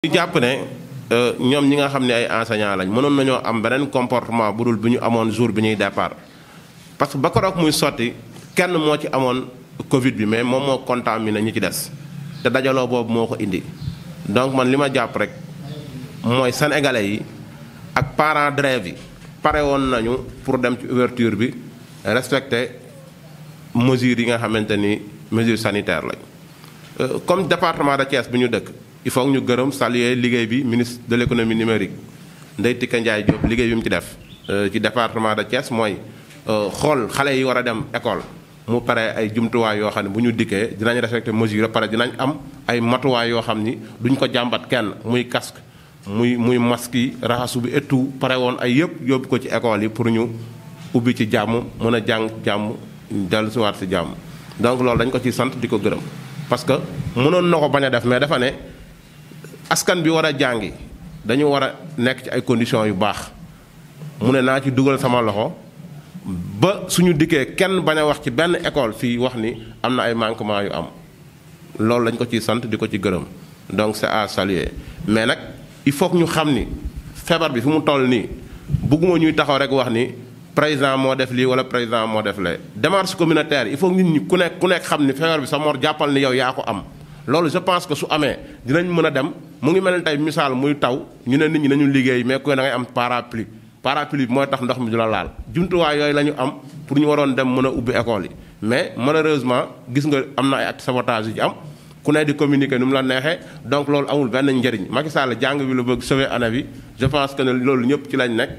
di jàpp ne euh, ñoom ñi nga xam ne ay enseignants lañ mënoon nañoo am beneen comportement bu bi ñu amoon jour bi ñuy départ parce que ba keroog muy sotti kenn moo ci amoon Covid bi mais moom moo contaminé ñu ci des te dajaloo boobu moo ko indi donc man li ma jàpp rek mooy sénégalais yi ak parent d'élèves yi pare woon nañu pour dem ci ouverture bi respecter mesures yi nga xamante ni mesures sanitaires lañ euh, comme département de Thiès bi ñu dëkk. il faut ñu gërëm saluer liggéey bi ministre de l' économie numérique Ndeye Tika Ndiaye Diop liggéey bi mu ci def. Euh, ci département de Thiès mooy euh, xool xale yi war a dem école mu pare ay jumtuwaay yoo xam ne bu ñu dikkee dinañ respecté mesure pare dinañ am ay matuwaay yoo xam ni duñ ko jàmbat kenn muy casque muy muy maski raxasu bi etu pare woon ay yëpp yóbbu ko ci école yi pour ñu ubbi ci jàmm mën a jàng jàmm dellu siwaat si jàmm donc loolu dañ ko ci sant di ko gërëm parce que mënoon na def mais dafa ne. askan bi wara a dañu wara nek ci ay conditions yu bax mune na ci dugal sama loxo ba suñu diké kenn baña wax ci ben école fi wax ni am ay manquement yu am loolu lañ ko ci sante diko ci gëreum donc c'est à saluer mais nak il faut ñu xam ni feebar bi fu mu toll nii bëgguma ñuy taxaw rek wax ni président mo def li wala président mo def lee démarche communautaire il faut nit ñi ku nekk ku nekk xam ni bi sa mor jàppal ni yow yaa ko am loolu je pense que su amee dinañ mën a dem mu ngi mel ne tey misaal muy taw ñu ne nit ñi nañu liggéey mais ku ne da am parapluie parapluie bi mooy tax ndox mi du la laal jumtuwaay yooyu lañu am pour ñu waroon dem mën a ubbi école yi mais malheureusement gis nga am na ay at sabotage yu am ku ne di communiquer nu mu la neexee donc loolu amul benn njëriñ Macky Sall jàng bi la bëgg sauver année bi je pense que ne loolu ñëpp ci lañ nekk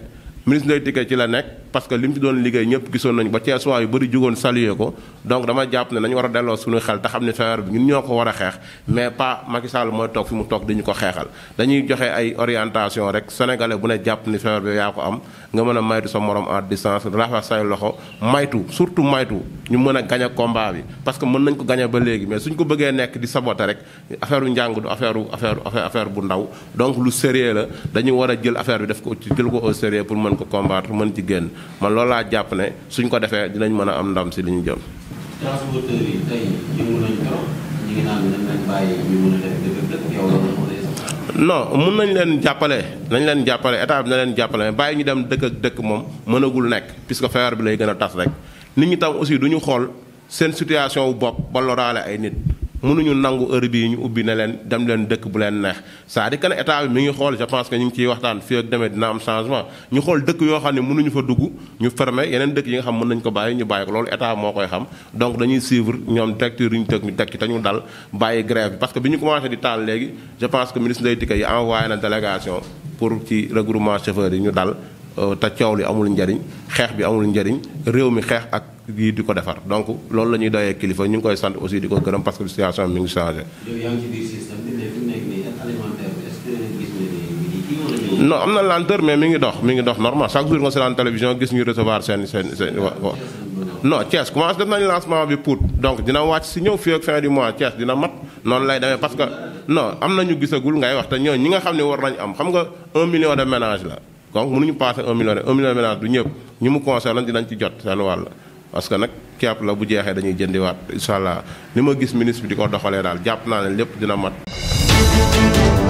ministre Ndeye Tické ci la nekk parce que li mu ci doon liggéey ñëpp gisoon nañu ba Ceesuwaay yu bëri jugoon saluer ko donc dama jàpp ne nañu war a delloo suñu xel te xam ne feebar bi ñun ñoo ko war a xeex mais pas Macky Sall mooy toog fi mu toog dañu ko xeexal dañuy joxe ay orientation rek sénégalais bu ne jàpp ni feebar bi yaa ko am nga mën a maytu sa morom à distance raxas say loxo maytu surtout maytu ñu mën a gañ a combat bi parce que mën nañ ko gañ ba léegi mais suñ ko bëggee nekk di saboter rek affaire u njàng du affaire affaire affaire bu ndaw donc lu sérieux war a jël affaire bi def ko ko au pour mën ko combattre mën ci génn man loolu laa jàpp ne suñ ko defee dinañ mën a am ndam si li ñu jëm. transporteurs yi nañu leen mun nañ leen jàppale nañ leen jàppale état bi na leen jàppale mais bàyyi ñu dem dëkk ak dëkk moom mënagul nekk puisque feebar bi lay gën a tas rek nit ñi tam aussi du ñu xool seen situation wu bopp ba loraale ay nit. mënuñu nangu heure bi ñu ubbi na leen dem leen dëkk bu leen neex c'est-à-dire que bi mi ngi xool je pense que ñu ngi ciy waxtaan fii ak demee dina am changement ñu xool dëkk yoo xam ne mënuñu fa dugg ñu fermer yeneen dëkk yi nga xam mën nañu ko bàyyi ñu bàyyi ko loolu état moo koy xam donc dañuy suivre ñoom directeur yi ñu teg ñu teg ci te ñu dal bàyyi grève parce que bi ñu commencé di taal léegi je pense que ministre Ndeye Tické yi envoyé na délégation pour ñu dal Euh, te coow li amul njariñ xeex bi amul njariñ réew mi xeex ak yi di ko defar donc loolu la ñuy doyee kilifa ñu ngi koy sant aussi di ko gërëm parce que situation mi ngi changé. non am na lenteur mais mi ngi dox mi ngi dox normal chaque jour nga seetaan gis ñu recevoir seen seen seen non Thiès commencé def nañu lancement bi pour donc dina wàcc si ñëw fii ak fin mois Thiès dina mat noonu lay demee parce que non am na ñu gisagul ngay wax te ñooñu ñi nga xam ne war nañu am xam nga un million de ménages la. donc mënuñu passé un million un million ménage du ñëpp ñu mu concerné dinañ ci jot seen wàll parce que nag képp la bu jeexee dañuy jëndiwaat incha allah li ma gis ministre bi di ko doxalee daal jàpp naa ne lépp dina mat